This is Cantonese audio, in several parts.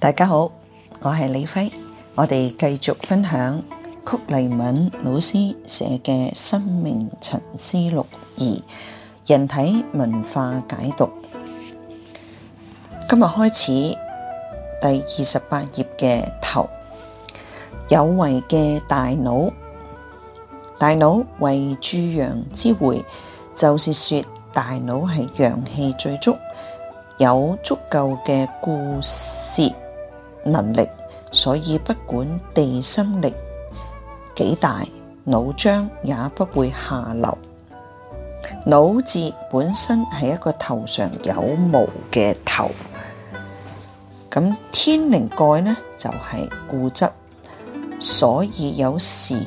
大家好，我係李輝，我哋繼續分享曲黎敏老師寫嘅《生命沉思錄二：人體文化解讀》。今日開始第二十八頁嘅頭，有為嘅大腦，大腦為諸陽之會，就是說大腦係陽氣最足，有足夠嘅固攝能力，所以不管地心力幾大，腦漿也不會下流。腦子本身係一個頭上有毛嘅頭，咁天靈蓋呢就係、是、固執，所以有時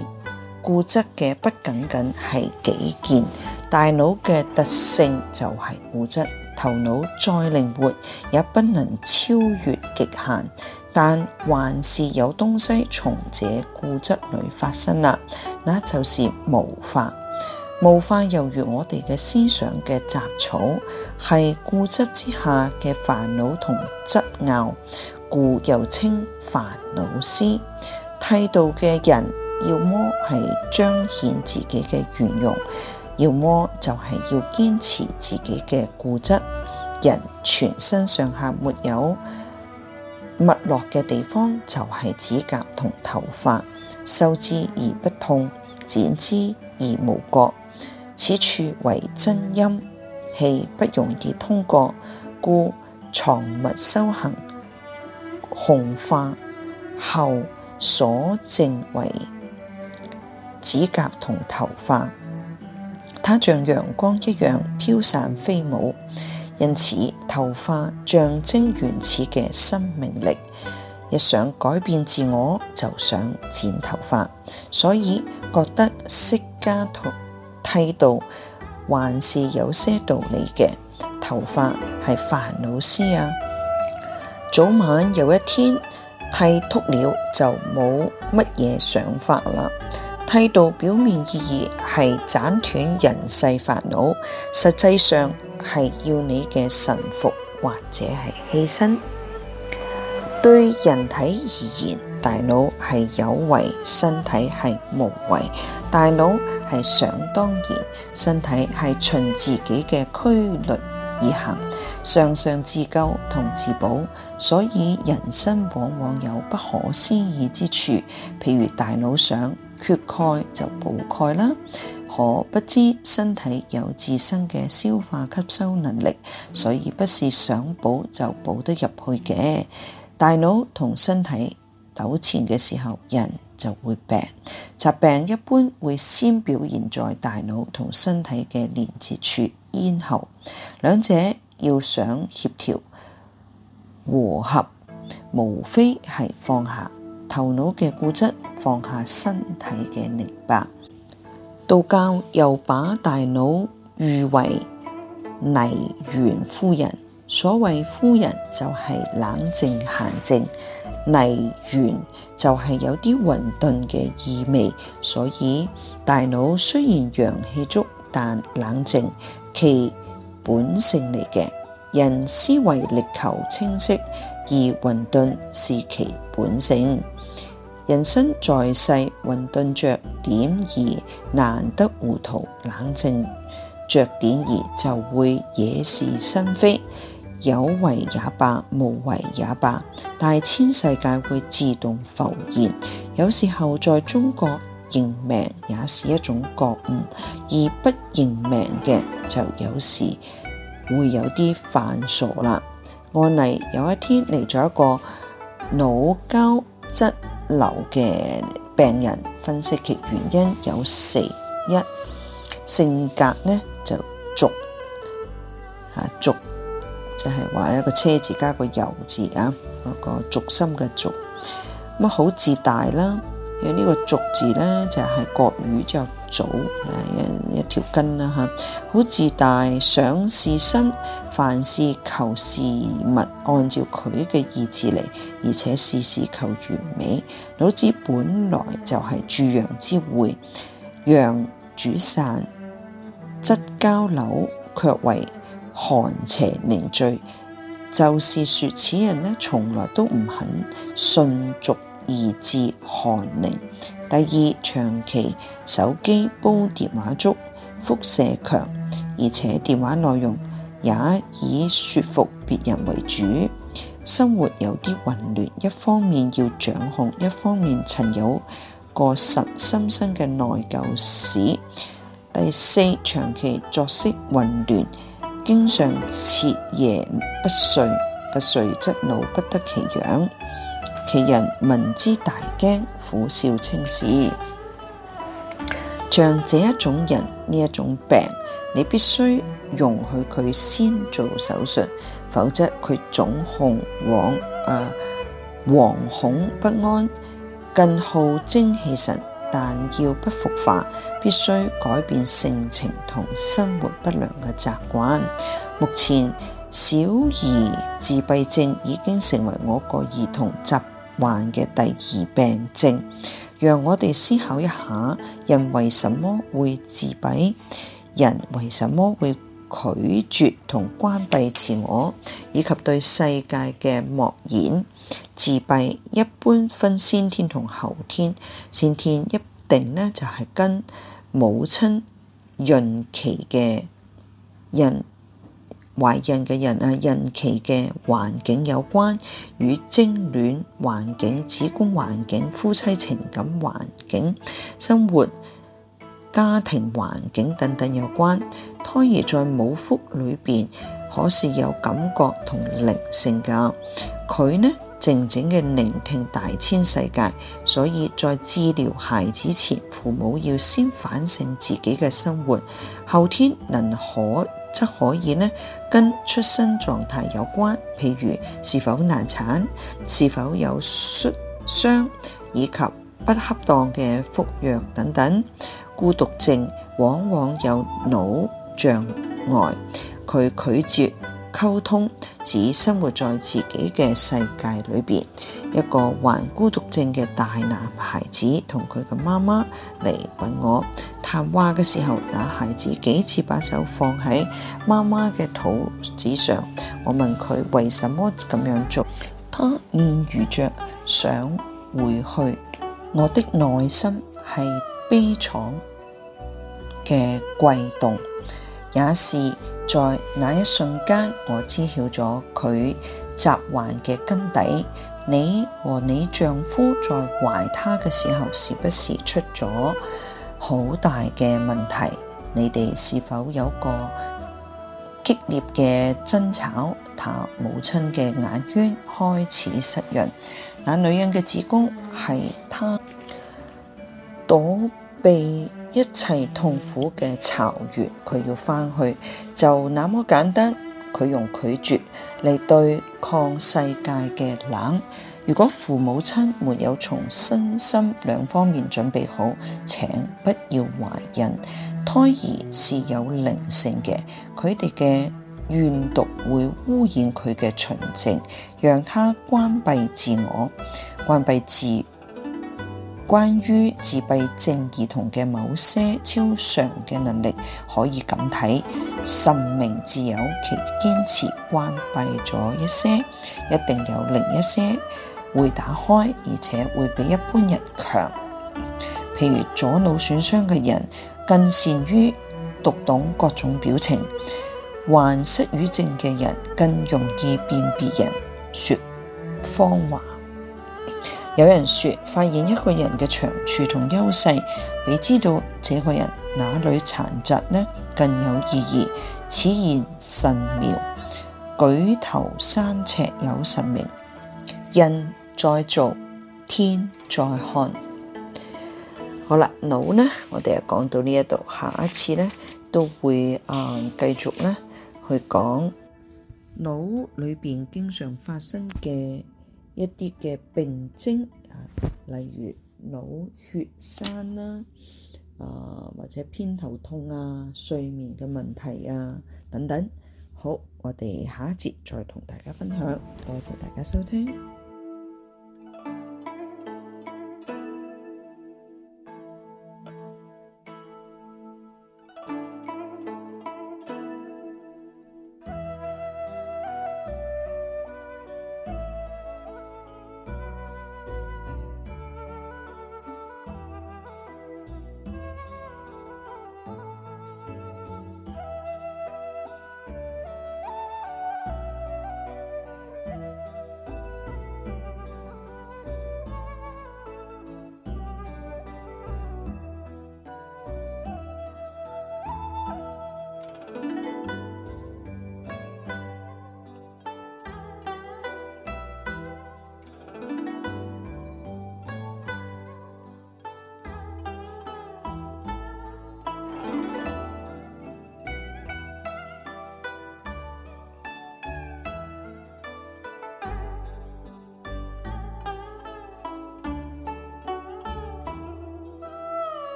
固執嘅不僅僅係己見。大腦嘅特性就係固執，頭腦再靈活也不能超越極限。但還是有東西從這固執裏發生啦，那就是毛髮。毛髮猶如我哋嘅思想嘅雜草，係固執之下嘅煩惱同執拗，故又稱煩惱絲。剃度嘅人，要麼係彰顯自己嘅圓融，要麼就係要堅持自己嘅固執。人全身上下沒有。勿落嘅地方就係指甲同頭髮，受之而不痛，剪之而無覺，此處為真陰，氣不容易通過，故藏物修行，紅化後所剩為指甲同頭髮，它像陽光一樣飄散飛舞。因此，頭髮象徵原始嘅生命力，一想改變自我就想剪頭髮，所以覺得釋迦剃度還是有些道理嘅。頭髮係煩惱絲啊！早晚有一天剃禿了就冇乜嘢想法啦。剃度表面意義係斬斷人世煩惱，實際上，係要你嘅臣服或者係犧牲，對人體而言，大腦係有為，身體係無為；大腦係想當然，身體係循自己嘅規律而行，常常自救同自保。所以人生往往有不可思議之處，譬如大腦想缺鈣就補鈣啦。可不知身體有自身嘅消化吸收能力，所以不是想補就補得入去嘅。大腦同身體糾纏嘅時候，人就會病。疾病一般會先表現在大腦同身體嘅連接處咽喉，兩者要想協調和合，無非係放下頭腦嘅固執，放下身體嘅擰巴。道教又把大腦譽為泥元夫人，所謂夫人就係冷靜閒靜，泥元就係有啲混沌嘅意味。所以大腦雖然陽氣足，但冷靜，其本性嚟嘅。人思維力求清晰，而混沌是其本性。人生在世，混沌着點兒，難得糊塗，冷靜着點兒就會惹是生非。有為也罷，無為也罷，大千世界會自動浮現。有時候，在中國認命也是一種覺悟，而不認命嘅就有時會有啲犯傻啦。案例，有一天嚟咗一個腦膠質流嘅病人，分析其原因有四一性格咧就軸啊軸，即係話一個車字加個由字啊，嗰個軸心嘅軸，咁啊好自大啦。因為呢個軸字咧就係國語就。早一,一條根啦吓，好自大，想事新，凡事求事物按照佢嘅意志嚟，而且事事求完美。老子本來就係諸陽之會，陽主散，則交流卻為寒邪凝聚，就是說此人呢從來都唔肯順逐而至寒凝。第二，長期手機煲電話粥，輻射強，而且電話內容也以説服別人為主，生活有啲混亂，一方面要掌控，一方面曾有個甚心生嘅內疚史。第四，長期作息混亂，經常徹夜不睡，不睡則腦不得其養。其人聞之大驚，苦笑稱是。像這一種人呢，一種病，你必須容許佢先做手術，否則佢總控往、呃、惶恐不安，更耗精氣神。但要不復發，必須改變性情同生活不良嘅習慣。目前小兒自閉症已經成為我國兒童疾患嘅第二病症，讓我哋思考一下，人為什麼會自閉？人為什麼會拒絕同關閉自我，以及對世界嘅漠然？自閉一般分先天同後天，先天一定呢，就係、是、跟母親孕期嘅人，懷孕嘅人啊，孕期嘅環境有關，與精卵環境、子宮環境、夫妻情感環境、生活家庭環境等等有關。胎兒在母腹裏邊可是有感覺同靈性噶，佢呢靜靜嘅聆聽大千世界，所以在治療孩子前，父母要先反省自己嘅生活，後天能可。則可以呢跟出生狀態有關，譬如是否難產，是否有摔傷，以及不恰當嘅服藥等等。孤獨症往往有腦障礙，佢拒絕溝通，只生活在自己嘅世界裏邊。一個患孤獨症嘅大男孩子同佢嘅媽媽嚟揾我。談話嘅時候，那孩子幾次把手放喺媽媽嘅肚子上。我問佢為什麼咁樣做，他面如着「想回去。我的內心係悲愴嘅悸動，也是在那一瞬間，我知曉咗佢雜患嘅根底。你和你丈夫在懷他嘅時候，是不是出咗好大嘅問題，你哋是否有過激烈嘅爭吵？他母親嘅眼圈開始濕潤，那女人嘅子宮係他躲避一切痛苦嘅巢穴，佢要返去就那麼簡單，佢用拒絕嚟對抗世界嘅冷。如果父母親沒有從身心兩方面準備好，請不要懷孕。胎兒是有靈性嘅，佢哋嘅怨毒會污染佢嘅純淨，讓他關閉自我。關閉自關於自閉症兒童嘅某些超常嘅能力，可以咁睇，神明自有其堅持關閉咗一些，一定有另一些。會打開，而且會比一般人強。譬如左腦損傷嘅人，更善於讀懂各種表情，患失語症嘅人，更容易辨別人說謊話。有人說，發現一個人嘅長處同優勢，比知道這個人哪裏殘疾呢更有意義。此言神妙，舉頭三尺有神明，人。再做天再看，好啦，腦呢？我哋又講到呢一度，下一次呢都會誒繼續呢去講腦裏面經常發生嘅一啲嘅病徵啊，例如腦血栓啦，啊或者偏頭痛啊、睡眠嘅問題啊等等。好，我哋下一節再同大家分享。多謝大家收聽。